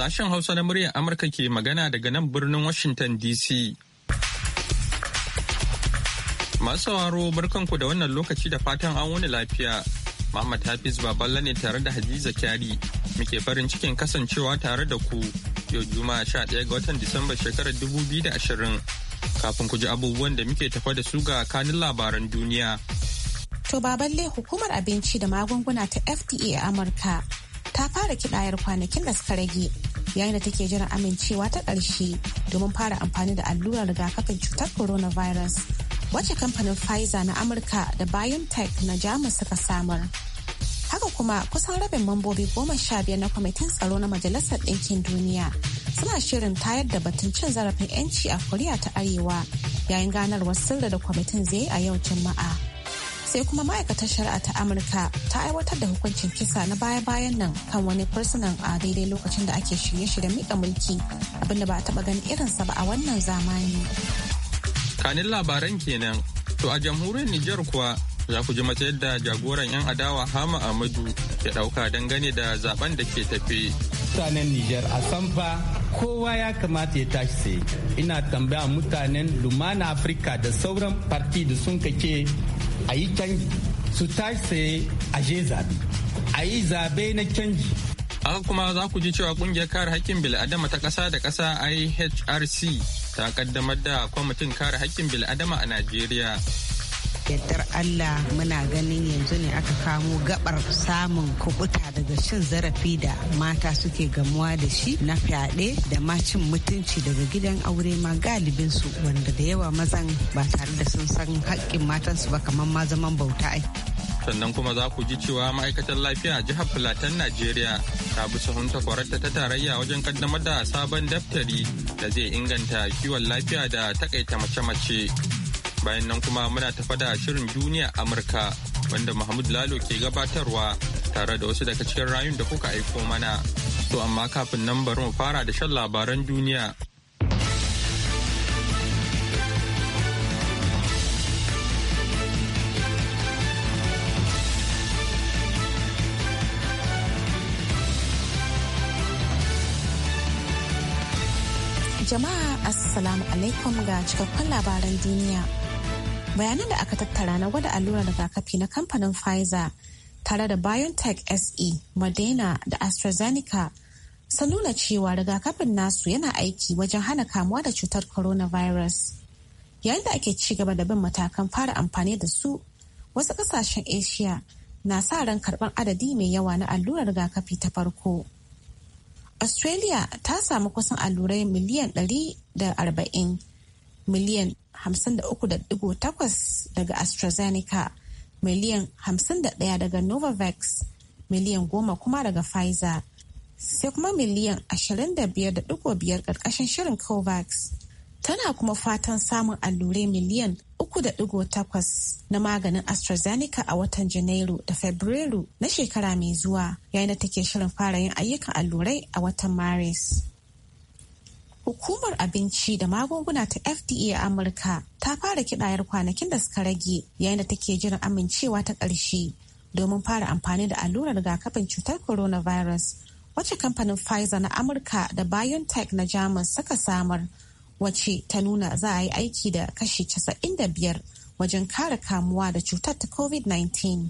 Sashen Hausa na muryar Amurka ke magana daga nan birnin Washington DC. Masu sauraro barkanku da wannan lokaci da fatan an wani lafiya. Muhammad Hafiz Baballa ne tare da Hadiza Kyari muke farin cikin kasancewa tare da ku yau Juma'a 11 ga watan Disamba shekarar dubu biyu da ashirin kafin ku ji abubuwan da muke tafa da su ga kanin labaran duniya. To baballe hukumar abinci da magunguna ta FDA a Amurka ta fara kidayar kwanakin da suka rage yayin da take jiran amincewa ta ƙarshe domin fara amfani da allurar rigakafin cutar coronavirus wacce kamfanin Pfizer na Amurka da BioNTech na Jamus suka samar. haka kuma kusan rabin mambobi goma sha biyar na kwamitin tsaro na majalisar ɗinkin duniya suna shirin tayar da batun cin zarafin 'yanci a koriya ta arewa yayin ganarwar sirri da kwamitin zai a yau jumma'a sai kuma ma'aikatar shari'a ta amurka ta aiwatar da hukuncin kisa na baya-bayan nan kan wani fursunan a daidai lokacin da ake shirye-shiryen miƙa mulki abinda ba a taɓa ganin irinsa ba a wannan zamani kanin labaran kenan to a jamhuriyar nijar kuwa za ku ji mata yadda jagoran 'yan adawa hama amadu ya ɗauka dangane da zaben da ke tafe. mutanen nijar a sanfa kowa ya kamata ya tashi sai ina tambaya mutanen lumana afirka da sauran Farti da sun kake a yi canji su tashi sai a je zabe a yi zabe na canji haka kuma za ku ji cewa kungiyar kare hakkin bil'adama ta ƙasa da ƙasa ihrc ta kaddamar da kwamitin kare hakkin bil'adama a najeriya yaddar Allah muna ganin yanzu ne aka kamo gabar samun kubuta daga cin zarafi da mata suke gamuwa da shi na fyaɗe da ma cin mutunci daga gidan aure ma galibin su wanda da yawa mazan ba tare da sun san haƙƙin matansu ba kamar ma zaman bauta ai. sannan kuma za ku ji cewa ma'aikatar lafiya a jihar Filatan Najeriya ta bi sahun takwararta ta tarayya wajen kaddamar da sabon daftari da zai inganta kiwon lafiya da takaita mace-mace. bayan nan kuma muna tafa da shirin duniya amurka wanda mahmud lalo ke gabatarwa tare da wasu daga cikin rayun da kuka aiko mana to amma kafin nan bari mu fara da shan labaran duniya jama'a assalamu alaikum ga cikakkun labaran duniya bayanan da aka tattara na gwada allurar rigakafi na kamfanin pfizer tare da biontech se moderna da astrazeneca sun nuna cewa rigakafin nasu yana aiki wajen hana kamuwa da cutar coronavirus yayin da ake ci gaba da bin matakan fara amfani da su wasu kasashen asia na sa ran karban adadi mai yawa na allurar rigakafi ta farko australia ta samu kusan allurai miliyan 140 miliyan 53.8 daga AstraZeneca, miliyan 51 daga Novavax, miliyan 10 kuma daga Pfizer, sai kuma miliyan 25.5 ƙarƙashin shirin COVAX. Tana kuma fatan samun allurai miliyan 3.8 na maganin AstraZeneca a watan Janairu da Fabrairu na shekara mai zuwa, yayin da take shirin fara yin ayyukan allurai a watan Maris. Hukumar Abinci da Magunguna ta FDA a Amurka ta fara kidayar kwanakin da suka rage yayin da take jiran amincewa ta ƙarshe domin fara amfani da allurar rigakafin cutar coronavirus wacce kamfanin Pfizer na Amurka da BioNTech na Jamus suka samar wacce ta nuna za a yi aiki da kashi 95 wajen kare kamuwa da cutar ta COVID-19.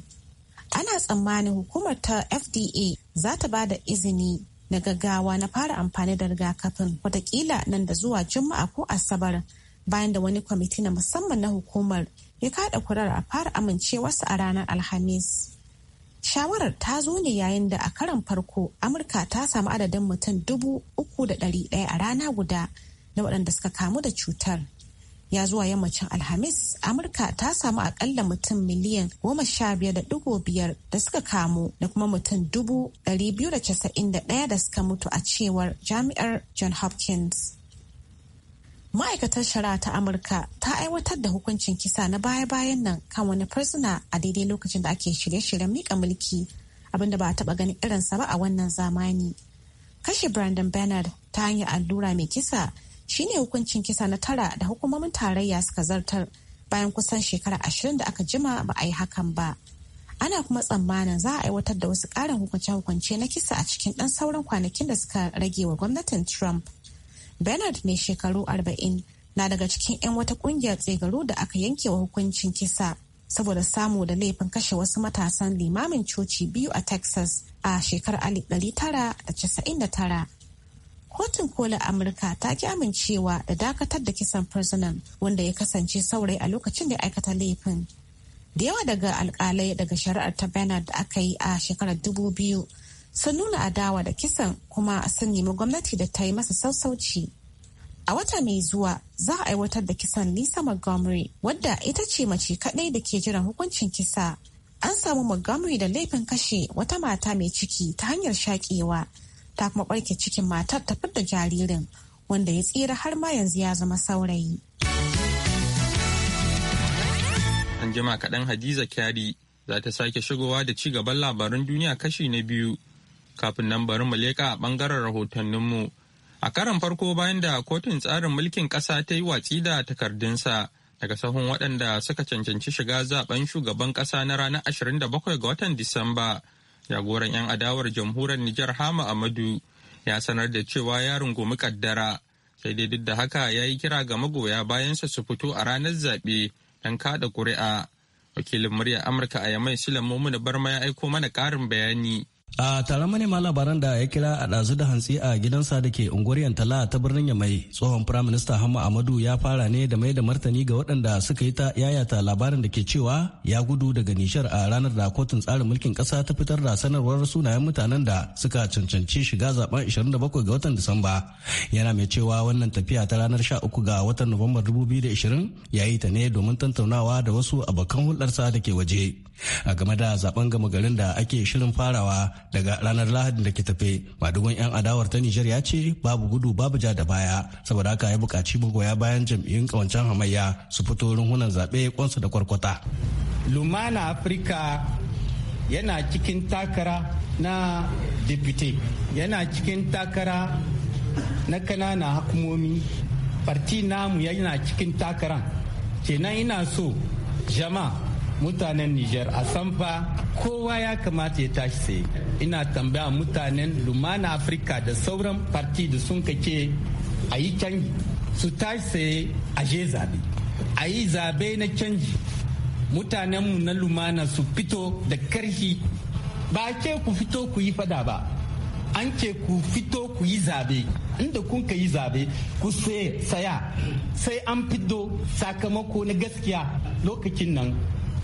Ana tsammanin hukumar ta FDA za ta ba da izini na gaggawa na fara amfani da rigakafin watakila nan da zuwa juma'a ko asabar bayan da wani kwamiti na musamman na hukumar ya kada kurar a fara amincewarsa a ranar alhamis shawarar ta zo ne yayin da a karan farko amurka ta samu adadin mutum dubu uku da ɗari ɗaya a rana guda na waɗanda suka kamu da cutar ya zuwa yammacin alhamis amurka ta samu akalla mutum miliyan goma sha biyar da digo biyar da suka kamu da kuma mutum dubu dari biyu da casa'in da ɗaya da suka mutu a cewar jami'ar john hopkins ma'aikatar shari'a ta amurka ta aiwatar da hukuncin kisa na baya-bayan nan kan wani fursuna a daidai lokacin da ake shirye-shiryen mika mulki abinda ba a taba ganin irinsa ba a wannan zamani kashe brandon bernard ta hanyar allura mai kisa shine hukuncin kisa na tara da hukumomin tarayya suka zartar bayan kusan shekara ashirin da aka jima ba a yi hakan ba ana kuma tsammanin za a aiwatar da wasu ƙarin hukunce-hukunce na kisa a cikin ɗan sauran kwanakin da suka rage wa gwamnatin trump bernard mai shekaru arba'in na daga cikin 'yan wata ƙungiyar tsegaru da aka yanke wa hukuncin kisa saboda samu da laifin kashe wasu matasan limamin coci biyu a texas a shekarar 1999 kotun kola amurka ta ki amincewa da dakatar da kisan fursunan wanda ya kasance saurayi a lokacin da aikata laifin da yawa daga alkalai daga shari'ar ta bernard da aka yi a shekarar dubu biyu sun nuna adawa da kisan kuma sun nemi gwamnati da ta yi masa sassauci a wata mai zuwa za a aiwatar da kisan lisa montgomery wadda ita ce mace kadai da ke jiran hukuncin kisa an samu montgomery da laifin kashe wata mata mai ciki ta hanyar shakewa ta kuma barke cikin matar ta fidda jaririn wanda ya tsira har ma yanzu ya zama saurayi. An jima kaɗan Hadiza Kyari za ta sake shigowa da ci gaban labaran duniya kashi na biyu kafin nan bari mu leƙa a ɓangaren rahotanninmu. A karan farko bayan da kotun tsarin mulkin ƙasa ta yi watsi da takardunsa daga sahun waɗanda suka cancanci shiga zaben shugaban ƙasa na ranar 27 ga watan Disamba. jagoran 'yan adawar jamhuriyar Nijar Hama Amadu ya sanar da cewa ya rungumi kaddara sai dai duk da haka ya yi kira ga magoya bayansa su fito a ranar zaɓe don kaɗa ƙuri'a. Wakilin muryar Amurka a Yamai Sulaimomu Barma ya aiko mana ƙarin bayani. a taron manema labaran da ya kira a ɗazu da hantsi a gidansa da ke unguwar yantala ta birnin yamai tsohon firaminista hama amadu ya fara ne da mai da martani ga waɗanda suka yi ta yayata labarin da ke cewa ya gudu daga nishar a ranar da kotun tsarin mulkin ƙasa ta fitar da sanarwar sunayen mutanen da suka cancanci shiga zaben 27 ga watan disamba yana mai cewa wannan tafiya ta ranar 13 ga watan nuwamba 2020 ya yi ta ne domin tattaunawa da wasu abokan hulɗarsa da ke waje a game da zaben gama garin da ake shirin farawa daga ranar lahadin da ke tafe madugun 'yan adawar ta nijar ya ce babu gudu babu ja da baya saboda haka ya bukaci magoya bayan jam'iyyun kawancen hamayya su fito runhunan zaɓe kwansu da kwarkwata lumana afirka yana cikin takara na deputy yana cikin takara na kanana hukumomi parti namu yana cikin takaran kenan ina so jama'a mutanen Nijar a sanfa kowa ya kamata ya tashi sai ina tambaya mutanen Lumana Afirka da sauran parti da sun kake a yi canji su tashi sai a je zabe a yi zabe na canji mutanenmu na Lumana su fito da karhi ba ce ku fito ku yi fada ba an ce ku fito ku yi zabe inda kun ka yi zabe ku saya sai an fito sakamako na gaskiya lokacin nan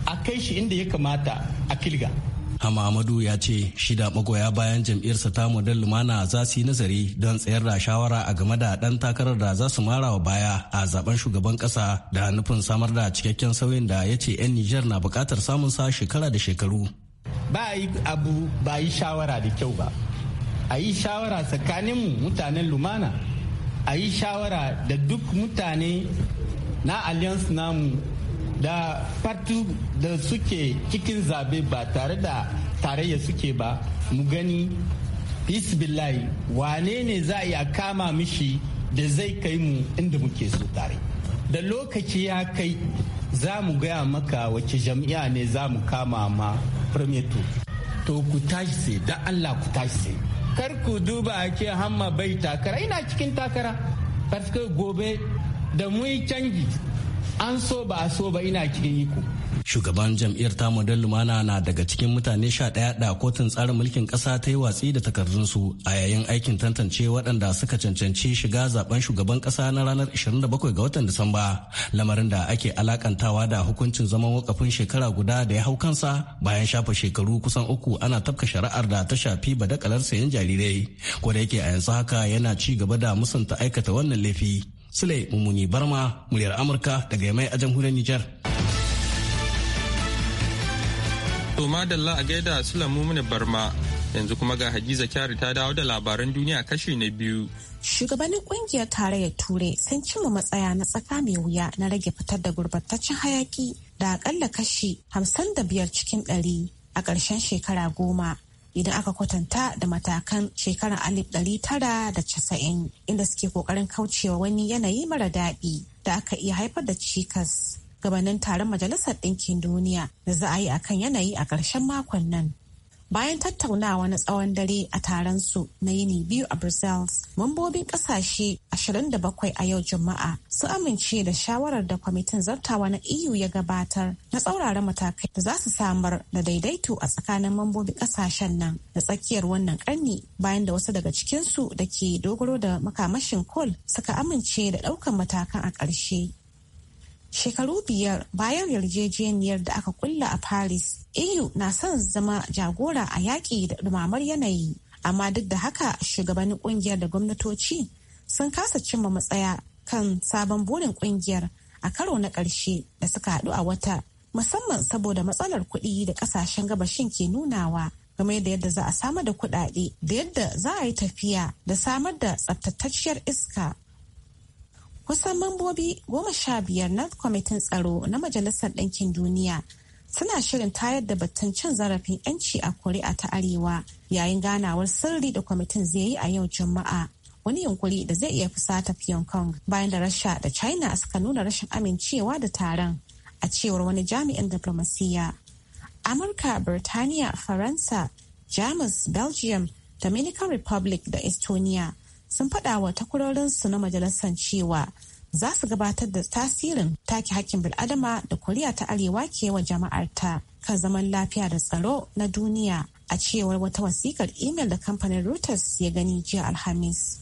a kai shi inda ya kamata a kilga Hamamadu ya ce shida magoya bayan jam'iyyarsa ta model lumana za su yi nazari don tsayar da shawara a game da ɗan takarar da za su mara wa baya a zaben shugaban ƙasa da nufin samar da cikakken sauyin da ya ce 'yan Nijar na bukatar samun sa shekara da shekaru. Ba a yi abu ba yi shawara da kyau ba. A yi shawara tsakanin mutanen lumana. A yi shawara da duk mutane na alliance namu da fatu da suke cikin zabe ba tare da tarayya suke ba mu gani bisbillahi wane ne za a kama mishi da zai kai mu inda muke so tare da lokaci ya kai za mu gaya maka wace jam'iya ne za mu kama ma firmeto to ku tashi sai da allah ku tashi sai kar ku duba ake hamma bai takara ina cikin takara gobe da mu yi canji an so ba a so ba ina ke yi ku shugaban jam'iyyar ta don lumana na daga cikin mutane sha ɗaya da kotun tsarin mulkin ƙasa ta yi watsi da takardunsu a yayin aikin tantance waɗanda suka cancanci shiga zaben shugaban ƙasa na ranar 27 ga watan disamba lamarin da ake alakantawa da hukuncin zaman wakafin shekara guda da ya hau kansa bayan shafa shekaru kusan uku ana tafka shari'ar da ta shafi badakalar sayan jarirai ko da yake a yanzu haka yana ci gaba da musanta aikata wannan laifi Sule Mummuni Barma, muryar Amurka daga Yamai a jamhuriyar Nijar. To madalla a gaida Sule Mumuni Barma, yanzu kuma ga Hadiza Kyari ta dawo da labaran duniya kashi na biyu. Shugabannin kungiyar tarayyar Turai sun cimma matsaya na tsaka mai wuya na rage fitar da gurbataccen hayaki da akalla kashi 55 cikin 100 a ƙarshen shekara goma idan aka kwatanta da matakan shekarar alif tara da casa'in, inda suke kokarin kaucewa wani yanayi mara daɗi da aka iya haifar da cikas gabanin taron majalisar ɗinkin duniya da za a yi akan yanayi a ƙarshen makon nan bayan tattaunawa na tsawon dare a taron su na yini biyu a brussels mambobin kasashe 27 a yau juma'a su amince da shawarar da kwamitin zartawa na eu ya gabatar na tsauraran matakai da za su samar da daidaito a tsakanin mambobin kasashen nan da tsakiyar wannan karni bayan da wasu daga cikinsu da ke dogaro da makamashin kol suka amince da ɗaukan matakan a ƙarshe Shekaru biyar bayan yarjejeniyar da aka kulla a Paris, EU na son zama jagora a yaƙi da ɗumamar yanayi. Amma duk da haka shugabannin ƙungiyar da gwamnatoci sun kasa cimma matsaya kan sabon burin ƙungiyar a karo na ƙarshe da suka haɗu a wata musamman saboda matsalar kuɗi da ƙasashen gabashin ke nunawa game da yadda za a samar da kuɗaɗe da yadda za a yi tafiya da samar da tsabtatacciyar iska Kusan mambobi goma sha biyar na kwamitin tsaro na Majalisar Ɗinkin Duniya suna shirin tayar da batun cin zarafin 'yanci a Kori'a ta Arewa yayin ganawar sirri da kwamitin zai yi a yau Juma'a. Wani yunkuri da zai iya fusata Pyongyang Kong bayan da Rasha da China suka nuna rashin amincewa da taron a cewar wani jami'in diplomasiya Amurka, Birtaniya, Faransa, Jamus, Belgium, Dominican Republic da Estonia sun faɗa wa takwarorinsu na majalisar cewa za su gabatar da tasirin take hakkin bil'adama da koriya ta arewa ke wa jama'ar ta kan zaman lafiya da tsaro na duniya a cewar wata wasikar imel da kamfanin reuters ya gani jiya alhamis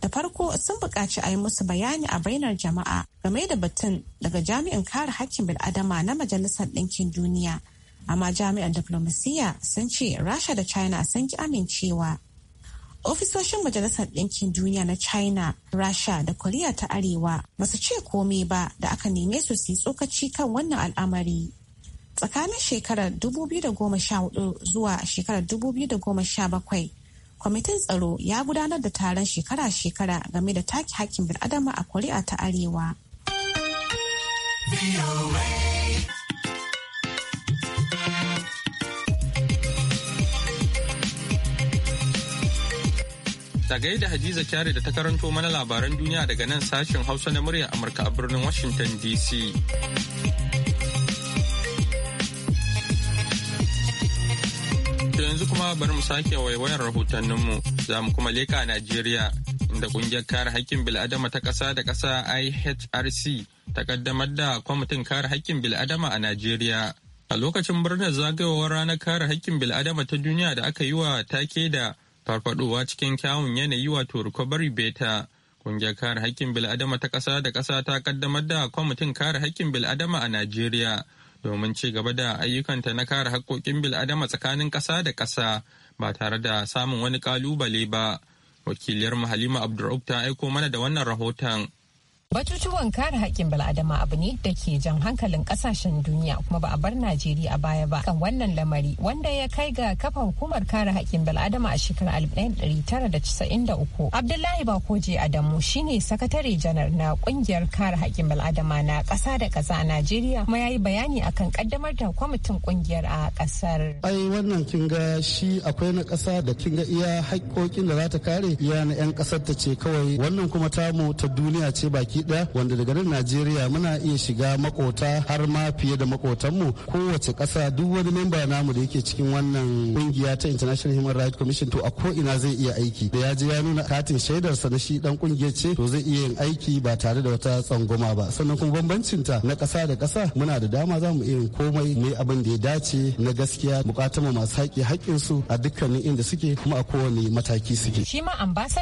da farko sun buƙaci a yi musu bayani a bainar jama'a game da batun daga jami'in kare hakkin bil'adama na majalisar ɗinkin duniya amma jami'an diflomasiyya sun ce rasha da china sun ki amincewa ofisoshin majalisar ɗinkin duniya na china rasha da koriya ta arewa ba su ce komai ba da aka neme su su yi tsokaci kan wannan al'amari tsakanin shekarar 2014 zuwa shekarar 2017 kwamitin tsaro ya gudanar da taron shekara-shekara game da take hakkin bil'adama a koriya ta arewa. Da Hadiza Kyari da ta karanto mana labaran duniya daga nan sashen Hausa na murya Amurka a birnin Washington DC. yanzu kuma bari mu sake waiwayar rahotanninmu za mu kuma leka Najeriya inda kungiyar kare haƙƙin bil'adama ta ƙasa da ƙasa IHRC ta kaddamar da kwamitin kare haƙƙin bil'adama a Najeriya. A lokacin birnin zagayowar ranar kare haƙƙin bil'adama ta duniya da aka yi wa take da farfadowa cikin kyawun yanayi wato recovery beta kungiyar kare haƙƙin bil'adama ta ƙasa da ƙasa ta ƙaddamar da kwamitin kare haƙƙin bil'adama a najeriya domin ci gaba da ayyukanta na kare haƙƙoƙin bil'adama tsakanin ƙasa da ƙasa ba tare da samun wani ƙalubale ba wakiliyar halima abdurraub ta aiko mana da wannan rahoton Batutuwan kare haƙƙin bal'adama abu ne da ke jan hankalin ƙasashen duniya kuma ba a bar Najeriya a baya ba kan wannan lamari wanda ya kai ga kafa hukumar kare haƙƙin bil'adama a shekarar 1993. Abdullahi Bakoje Adamu shine sakatare janar na ƙungiyar kare haƙƙin bal'adama na ƙasa da ƙasa a Najeriya kuma ya yi bayani akan ƙaddamar da kwamitin ƙungiyar a ƙasar. Ai wannan kin ga shi akwai na ƙasa da kin ga iya haƙƙoƙin da za ta kare iya na 'yan ƙasar ta ce kawai wannan kuma tamu ta duniya ce baki baki daya wanda daga nan najeriya muna iya shiga makota har ma fiye da makotanmu kowace ƙasa duk wani memba namu da yake cikin wannan kungiya ta international human rights commission to a ko ina zai iya aiki da ya je ya nuna katin shaidarsa na shi dan kungiyar ce to zai iya yin aiki ba tare da wata tsangwama ba sannan kuma ta na ƙasa da ƙasa muna da dama za mu iya komai ne abin da ya dace na gaskiya bukatun mu masu haƙƙin su a dukkanin inda suke kuma a kowane mataki suke. Shi ma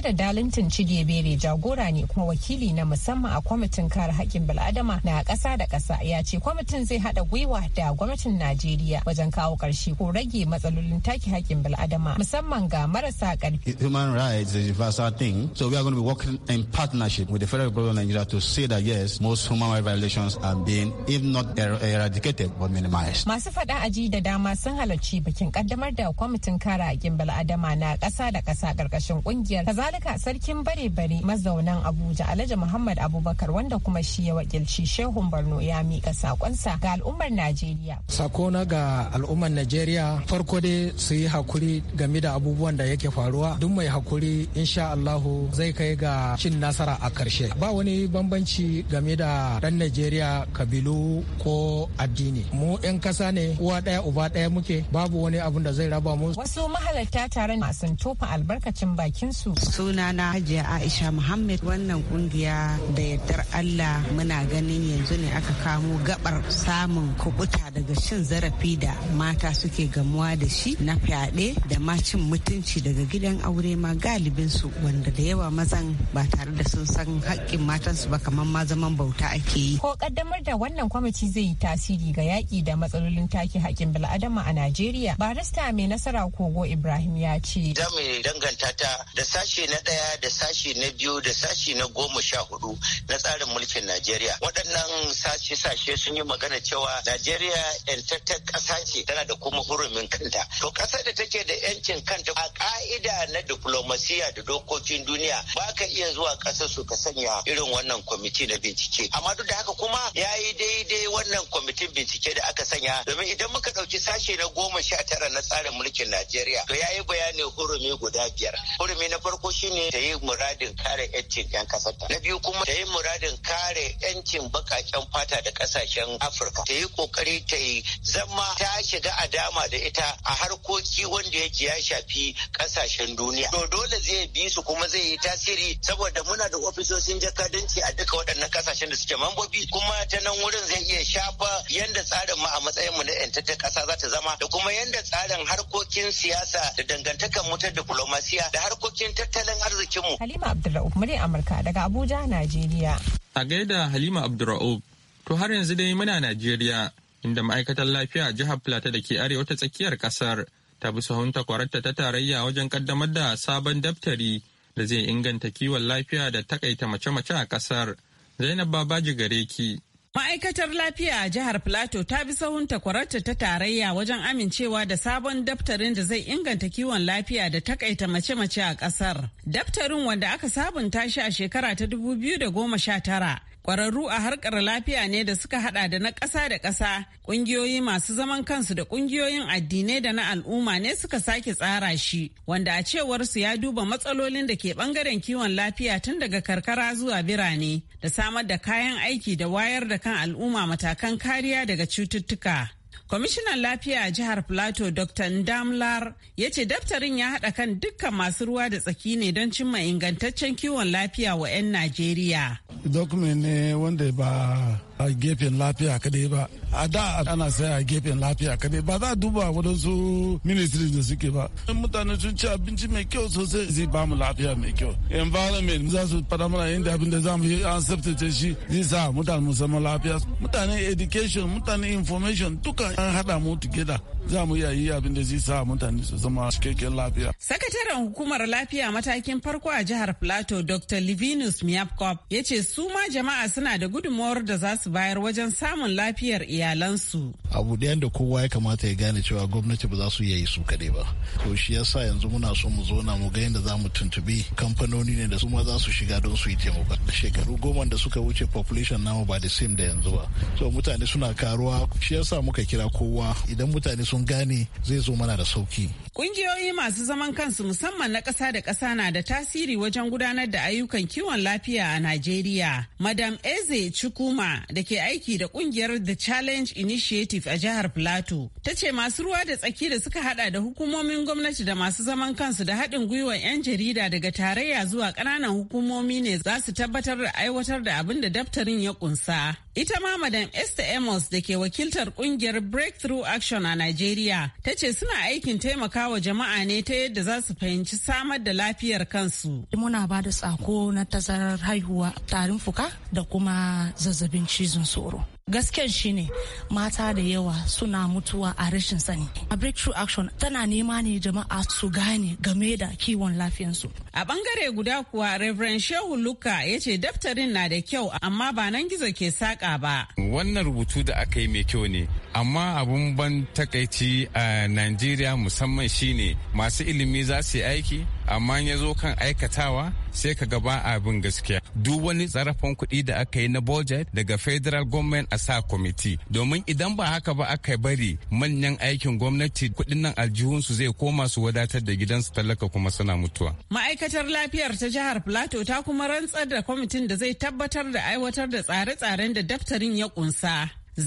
da Dalintin bere jagora ne kuma wakili na musamman musamman a kwamitin kare haƙƙin bil'adama na ƙasa da ƙasa ya ce kwamitin zai haɗa gwiwa da gwamnatin Najeriya wajen kawo ƙarshe ko rage matsalolin take haƙƙin bil'adama musamman ga marasa ƙarfi. Human rights is a universal thing, so we are going to be working in partnership with the Federal government of Nigeria to say that yes, most human rights violations are being, if not er-, eradicated, but minimized. Masu faɗa aji da dama sun halarci bikin kaddamar da kwamitin kare haƙƙin bil'adama na ƙasa da ƙasa ƙarƙashin ƙungiyar. Kazalika sarkin bare-bare mazaunan Abuja Alhaji Muhammad Abu Abubakar wanda kuma shi ya wakilci Shehun barno ya mika sakonsa ga al'ummar Najeriya. Sako na ga al'ummar Najeriya farko dai su yi hakuri game da abubuwan da yake faruwa duk mai hakuri insha Allahu zai kai ga cin nasara a karshe. Ba wani bambanci game da dan Najeriya kabilu ko addini. Mu 'yan kasa ne uwa ɗaya uba ɗaya muke babu wani abun da zai raba mu. Wasu mahalarta taron sun tofa albarkacin bakin su. Sunana Hajiya Aisha Muhammad wannan kungiya da yardar Allah muna ganin yanzu ne aka kamo gabar samun kubuta daga shin zarafi da mata suke gamuwa da shi na fyaɗe da ma cin mutunci daga gidan aure ma galibin su wanda da yawa mazan ba tare da sun san haƙƙin matansu ba kamar ma zaman bauta ake yi. Ko kaddamar da wannan kwamiti zai yi tasiri ga yaƙi da matsalolin take haƙƙin bil'adama a Najeriya. Barista mai nasara Kogo Ibrahim ya ce. Za mu danganta ta da sashe na ɗaya da sashe na biyu da sashe na goma sha hudu na tsarin mulkin Najeriya. Waɗannan sashe-sashe sun yi magana cewa Najeriya yantattar ƙasa ce tana da kuma hurumin kanta. To ƙasar da take da yancin kanta a ƙa'ida na diplomasiya da dokokin duniya ba ka iya zuwa ƙasar su ka sanya irin wannan kwamiti na bincike. Amma duk da haka kuma ya yi daidai wannan kwamitin bincike da aka sanya domin idan muka ɗauki sashe na goma sha tara na tsarin mulkin Najeriya to ya yi bayanin hurumi guda biyar. Hurumi na farko shine ta yi muradin kare yancin 'yan ta. Na biyu kuma ta yi muradin kare 'yancin bakaken fata da kasashen afirka ta yi kokari ta yi zama ta shiga a dama da ita a harkoki wanda yake ya shafi kasashen duniya to dole zai bi su kuma zai yi tasiri saboda muna da ofisoshin jakadanci a duka waɗannan kasashen da suke mambobi kuma ta nan wurin zai iya shafa yadda tsarin mu a matsayin mu na 'yantattar ƙasa za ta zama da kuma yadda tsarin harkokin siyasa da dangantakar mutar diplomasiya da harkokin tattalin arzikinmu. Halima Abdullahi Murya Amurka daga Abuja, Najeriya. Najeriya. A gaida Halima Abdurra'ub, to har yanzu dai muna Najeriya inda ma'aikatar lafiya a jihar Plateau da ke arewa ta tsakiyar kasar ta bi sahun takwarar ta tarayya wajen kaddamar da sabon daftari da zai inganta kiwon lafiya da takaita mace-mace a kasar. Zainab Babaji Gareki. Ma'aikatar lafiya a jihar Plateau ta bi sahun takwararta ta tarayya wajen amincewa da sabon daftarin da zai inganta kiwon lafiya da takaita mace-mace a kasar. Daftarin wanda aka sabunta shi a shekara ta 2019 kwararru a harkar lafiya ne da suka hada da na ƙasa da ƙasa ƙungiyoyi masu zaman kansu da ƙungiyoyin addinai da na al'umma ne suka sake tsara shi wanda a cewar su ya duba matsalolin da ke ɓangaren kiwon lafiya tun daga karkara zuwa birane da samar da kayan aiki da wayar da kan al'umma matakan kariya daga cututtuka. Kwamishinan lafiya a jihar plato Dr. Ndamlar ya ce daftarin ya haɗa kan dukkan masu ruwa da tsaki ne don cimma ingantaccen kiwon lafiya wa 'yan Najeriya. Dokumen ne wanda ba a gefen lafiya kadai ba a da ana saya a gefen lafiya kadai ba za a duba waɗansu ministry da suke ba mutane sun ci abinci mai kyau sosai zai ba mu lafiya mai kyau environment za su fada mana inda abin da za mu yi an sabtace shi zai sa mutane musamman lafiya mutane education mutane information duka an haɗa mu together za mu iya yi abin da zai sa mutane su zama cikakken lafiya. Sakataren hukumar lafiya matakin farko a jihar Plateau Dr. Livinus Miyapkop ya ce su ma jama'a suna da gudunmawar da za su bayar wajen samun lafiyar iyalansu. Abu ɗayan da kowa ya kamata ya gane cewa gwamnati ba za su iya yi su kaɗai ba. To shi yasa yanzu muna so mu zo na mu ga yadda za mu tuntubi kamfanoni ne da su ma za su shiga don su yi taimako. Shekaru goma da suka wuce population namu ba da same da yanzu ba. So mutane suna karuwa shi yasa muka kira kowa idan mutane sun sun gane zai zo mana da sauki Ƙungiyoyi masu zaman kansu musamman na ƙasa da ƙasa na da tasiri wajen gudanar da ayyukan kiwon lafiya a Najeriya. Madam Eze Chukuma da ke aiki da ƙungiyar The Challenge Initiative a jihar Plateau ta ce masu ruwa da tsaki da suka hada da hukumomin gwamnati da masu zaman kansu da haɗin gwiwar 'yan jarida daga tarayya zuwa ƙananan hukumomi ne za su tabbatar da aiwatar da abin da daftarin ya kunsa Ita ma Madam Esther Amos da ke wakiltar ƙungiyar Breakthrough Action a Najeriya Najeriya ta ce suna aikin taimaka wa jama'a ne ta yadda za su fahimci samar da lafiyar kansu. Muna ba da tsako na tazarar haihuwa tarin fuka da kuma zazzabin cizon tsoro. gasken shine mata da yawa suna mutuwa a rashin sani a breakthrough action tana nema ne jama'a su gane game da kiwon lafiyansu a bangare guda kuwa reverend shehu luka ya ce daftarin na da kyau amma ba nan gizo ke saka ba wannan rubutu da aka yi mai kyau ne amma abun ban takaici a najeriya musamman shine masu ilimi za su yi aiki amma ya zo kan aikatawa sai ka gaba abin gaskiya duk wani zarafin kuɗi da aka yi na budget daga federal government a sa committee domin idan ba haka ba aka bari manyan aikin gwamnati kuɗin nan aljihunsu zai koma su wadatar da gidansu talaka kuma suna mutuwa ma'aikatar lafiyar ta jihar plateau ta kuma rantsar da kwamitin da zai tabbatar da aiwatar da tsare-tsaren da daftarin ya kunsa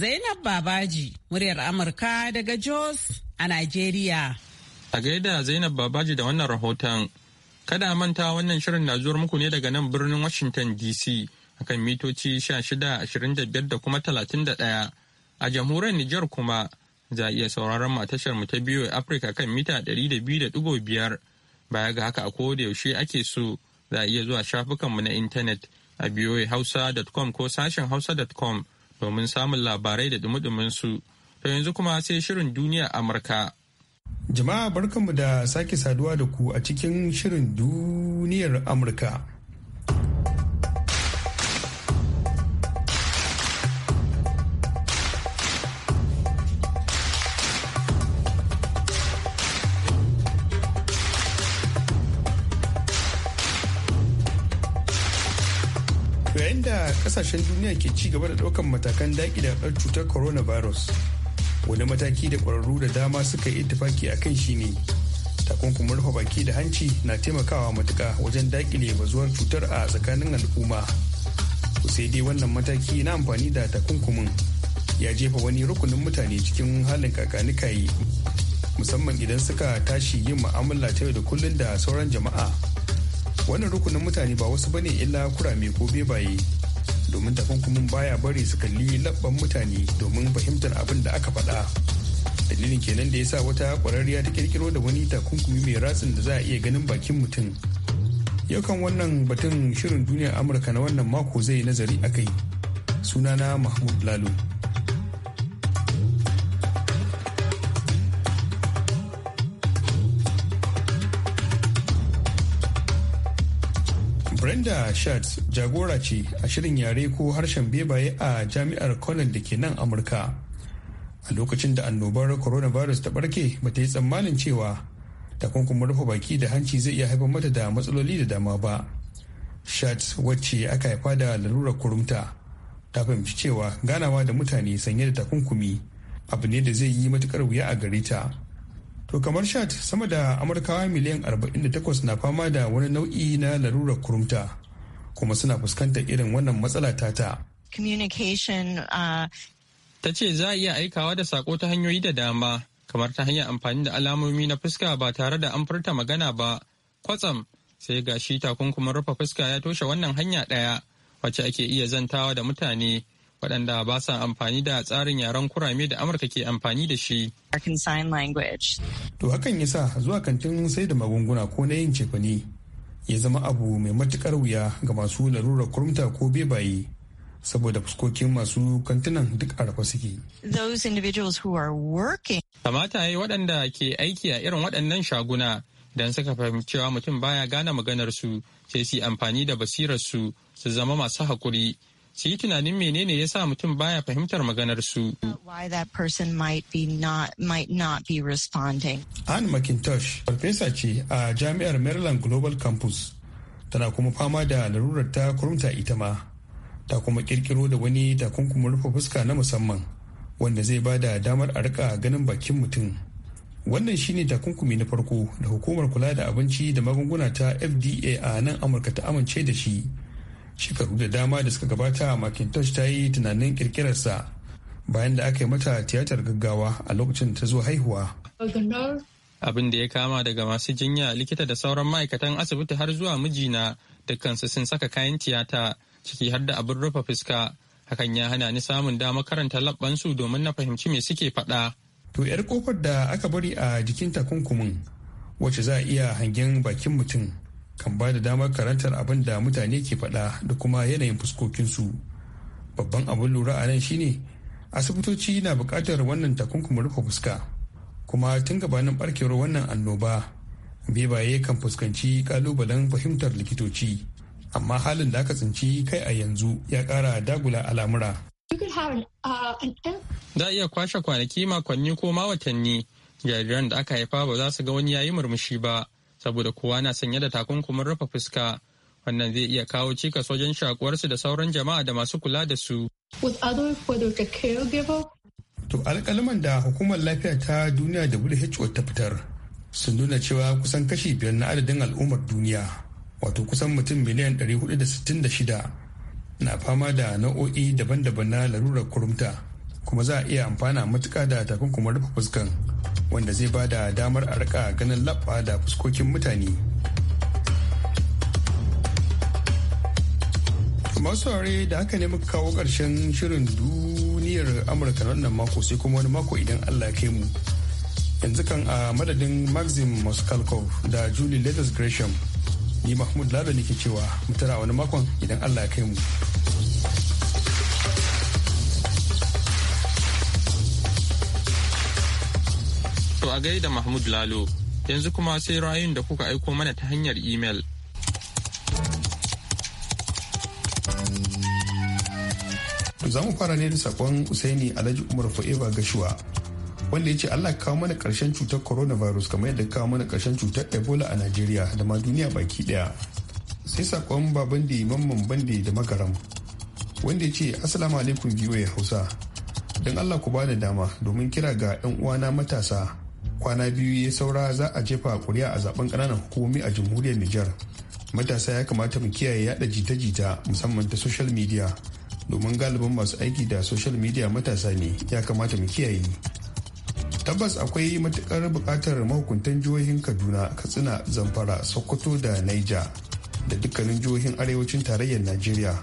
zainab babaji muryar amurka daga jos a nigeria A gaida Zainab Babaji da wannan rahoton. Kada manta wannan shirin na zuwar muku ne daga nan birnin Washington DC akan mitoci 1625 da kuma 31. A jamhuriyar Nijar kuma za a iya sauraron matashar mu ta biyu Afirka kan mita 200.5. Baya ga haka a koda yaushe ake so za a iya zuwa shafukanmu na intanet a hausa.com ko sashen hausa.com domin samun labarai da dumi su. To yanzu kuma sai shirin duniya Amurka. Jama'a barkanmu da sake saduwa da ku a cikin shirin duniyar Amurka. yayin da kasashen duniya ke ci gaba da daukan matakan daƙi da cutar coronavirus wani mataki da kwararru da dama suka yi ittifaki a kai shine takunkumin rufe baki da hanci na taimakawa matuka wajen dakile bazuwar cutar a tsakanin al'umma ku sai dai wannan mataki na amfani da takunkumin ya jefa wani rukunin mutane cikin halin kakanikayi musamman idan suka tashi yin mu'amala ta yau da kullun da sauran jama'a wannan rukunin mutane ba wasu bane illa kurame ko bebaye domin takunkumin baya bari su kalli labban mutane domin fahimtar abin da aka faɗa dalilin kenan da ya sa wata ƙwararriya ta kirkiro da wani takunkumi mai ratsin da za a iya ganin bakin mutum yau kan wannan batun shirin duniyar amurka na wannan mako zai nazari a kai sunana mahmud lalu. Linda Schatz jagora ce a shirin yare ko harshen bebaye a jami'ar Cornell da ke nan Amurka. A lokacin da annobar coronavirus ta barke bata yi tsammanin cewa takunkumin rufe baki da hanci zai iya haifar mata da matsaloli da dama ba. Schatz wacce aka haifa da lalurar kurumta ta fahimci cewa ganawa da mutane sanye da takunkumi abu ne da zai yi matukar wuya a gare ta. To kamar shat sama da Amurkawa miliyan 48 na fama da wani nau'i na larurar kurumta kuma suna fuskantar irin wannan matsala tata. Communication uh, ta ce za a iya aikawa da sako ta hanyoyi da dama kamar ta hanyar amfani da alamomi na fuska ba tare da an furta magana ba kwatsam sai ga shi takunkumin rufe fuska ya toshe wannan hanya ɗaya wacce ake iya zantawa da mutane waɗanda ba sa amfani da tsarin yaren kurame da amurka ke amfani da shi to hakan yasa zuwa kantin sai da magunguna ko na yin cefane ya zama abu mai matukar wuya ga masu larurar kurumta ko bebaye saboda fuskokin masu kantunan duk a rafa suke. Those individuals who are Kamata ya yi waɗanda ke aiki a irin waɗannan shaguna don suka fahimci cewa mutum baya gane maganar su sai su amfani da basirar su su zama masu haƙuri su yi tunanin menene ya sa mutum baya fahimtar maganar su. Anne McIntosh, farfesa ce a Jami'ar Maryland Global Campus, tana kuma fama da larurar ta kurumta ita ma, ta kuma kirkiro da wani takunkumin rufe fuska na musamman, wanda zai ba da damar a rika ganin bakin mutum. Wannan shine takunkumi na farko da hukumar kula da abinci da magunguna ta FDA a nan Amurka ta amince da shi. shekaru da dama da suka gabata macintosh ta yi tunanin kirkirarsa bayan da aka yi mata tiyatar gaggawa a lokacin ta zo haihuwa abin da ya kama daga masu jinya likita da sauran ma'aikatan asibiti har zuwa mijina dukkansu sun saka kayan tiyata ciki har da abin rufe fuska hakan ya hana ni samun dama karanta labbansu domin na fahimci me suke faɗa. to yar kofar da aka bari a jikin takunkumin wacce za a iya hangen bakin mutum kan ba da damar karantar abin da mutane ke faɗa da kuma yanayin fuskokinsu babban abin lura a nan shine asibitoci na buƙatar wannan takunkumin rufe fuska kuma tun gabanin barkewar wannan annoba bebaye kan fuskanci kalubalen fahimtar likitoci amma halin da aka tsinci kai a yanzu ya ƙara dagula al'amura uh, za iya kwashe kwanaki makonni ko ma watanni jariran da aka haifa ba za su ga wani yayi murmushi ba saboda kowa na sanye da takunkumin rufe fuska wannan zai iya kawo cikas wajen shakuwarsu da sauran jama'a da masu kula da su. To alkalaman da hukumar lafiya ta duniya da WHO ta fitar sun nuna cewa kusan kashi biyar na adadin al'ummar duniya wato kusan mutum miliyan da da shida na fama da nau'o'i daban-daban na larurar kurumta kuma za a iya amfana matuka da takunkumar rufe fuskan wanda zai ba da damar a rika ganin labba da fuskokin mutane masu ware da haka ne muka kawo ƙarshen shirin duniyar amurka wannan mako sai kuma wani mako idan allah ya kai mu yanzu kan a madadin maxim moskalkov da julie latest gresham ni mahmud lalo ne ke cewa mutara wani makon idan allah ya kai mu. To a gaida Mahmud Lalo, yanzu kuma sai ra'ayin da kuka aiko mana ta hanyar imel. Za mu fara ne da sakon Usaini Alhaji Umar Fa'eba Gashuwa, wanda ya ce Allah kawo mana karshen cutar coronavirus kamar yadda kawo mana karshen cutar Ebola a Najeriya da ma duniya baki daya. Sai sakon Babandi Mamman Bandi da Magaram, wanda ya ce Assalamu alaikum ya Hausa. Don Allah ku bani dama domin kira ga 'yan uwana matasa kwana biyu ya saura za a jefa kuri'a a zaben ƙananan hukumomi a jamhuriyar Nijar. Matasa ya kamata mu kiyaye yada jita-jita musamman ta social media domin galibin masu aiki da social media matasa ne ya kamata mu kiyaye. Tabbas akwai matukar buƙatar mahukuntan jihohin Kaduna, Katsina, Zamfara, Sokoto da Niger da dukkanin jihohin arewacin tarayyar Najeriya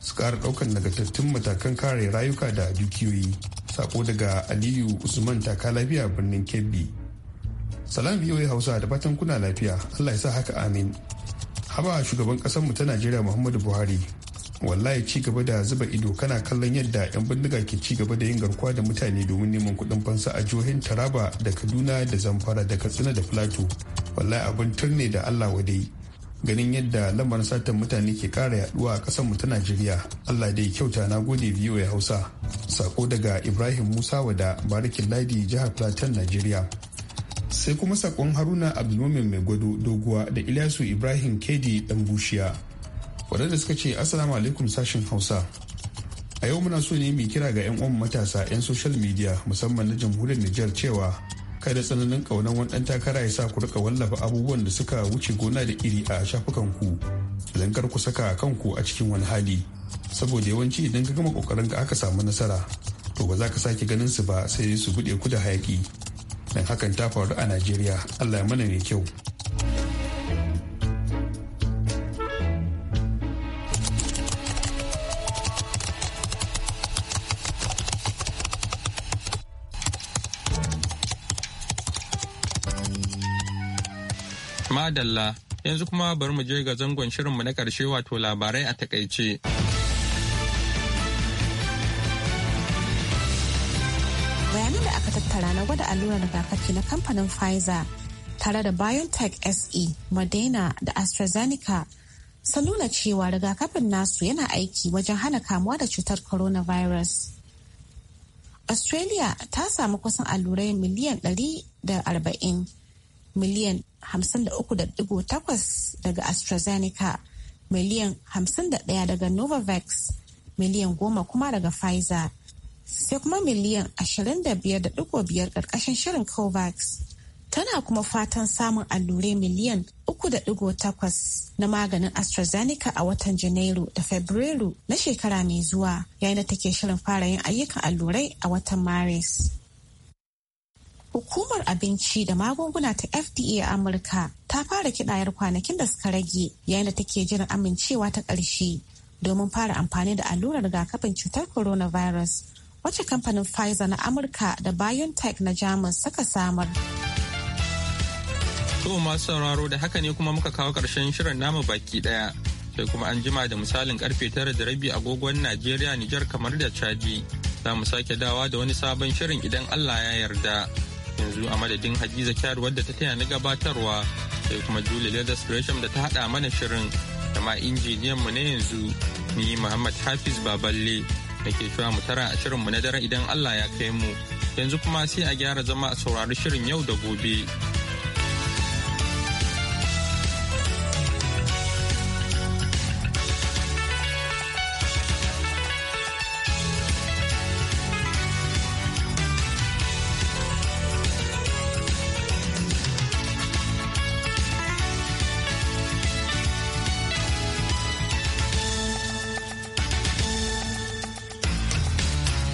su ƙara ɗaukar nagartattun matakan kare rayuka da dukiyoyi. Sako daga Aliyu Usman taka lafiya birnin Kebbi. salam voa hausa da fatan kuna lafiya allah ya sa haka amin haba shugaban mu ta najeriya muhammadu buhari wallahi ci gaba da zuba ido kana kallon yadda 'yan bindiga ke ci gaba da yin garkuwa da mutane domin neman kuɗin fansa a jihohin taraba da kaduna da zamfara da katsina da filato wallahi abin turne da allah wadai ganin yadda lamarin satan mutane ke kara yaduwa a kasanmu ta najeriya allah dai kyauta na gode biyu ya hausa sako daga ibrahim musa wada barikin ladi jihar plateau najeriya sai kuma sakon haruna abdulmumin mai gwado doguwa da ilyasu ibrahim kedi dan bushiya wadanda suka ce assalamu alaikum sashen hausa a yau muna so ne mai kira ga 'yan uwan matasa 'yan social media musamman na jamhuriyar nijar cewa kada tsananin kaunan wani ɗan takara ya sa ku rika wallafa abubuwan da suka wuce gona da iri a shafukan ku kar ku saka kanku a cikin wani hali saboda yawanci idan ka gama kokarin ka aka samu nasara to ba za ka sake ganin su ba sai su bude ku da hayaki don hakan ta faru a najeriya allah ya mana ne kyau madalla yanzu kuma bari mu je ga zangon shirinmu na ƙarshe wato labarai a takaice. da allurar rigakafi na kamfanin Pfizer tare da BioNTech SE, Moderna da AstraZeneca sun nuna cewa rigakafin nasu yana aiki wajen hana kamuwa da cutar coronavirus. Australia ta samu kusan allurai miliyan 140, miliyan 53.8 daga AstraZeneca, miliyan 51 daga Novavax, miliyan 10 kuma daga Pfizer. sai kuma miliyan 25.5 ƙarƙashin shirin covax tana kuma fatan samun allurai miliyan 3.8 na maganin AstraZeneca a watan Janairu da Fabrairu na shekara mai zuwa yayin da take shirin fara yin ayyukan allurai a watan Maris. Hukumar Abinci da Magunguna ta FDA a Amurka ta fara kidayar kwanakin da suka rage yayin da take jiran amincewa ta ƙarshe domin fara amfani da allurar rigakafin cutar coronavirus wacce kamfanin Pfizer na Amurka da BioNTech na Jamus suka samar. To masu sauraro da haka ne kuma muka kawo ƙarshen shirin namu baki ɗaya. Sai kuma an jima da misalin karfe tara da rabi agogon Najeriya, Nijar kamar da Chadi. Za mu sake dawa da wani sabon shirin idan Allah ya yarda. Yanzu a madadin Hadiza Kyar wadda ta taya na gabatarwa sai kuma Julie Leathers Gresham da ta haɗa mana shirin da ma injiniyan mu na yanzu ni Muhammad Hafiz Baballe da ke cewa mu tara a shirinmu na dare idan Allah ya kai mu yanzu kuma sai a gyara zama a saurari shirin yau da gobe.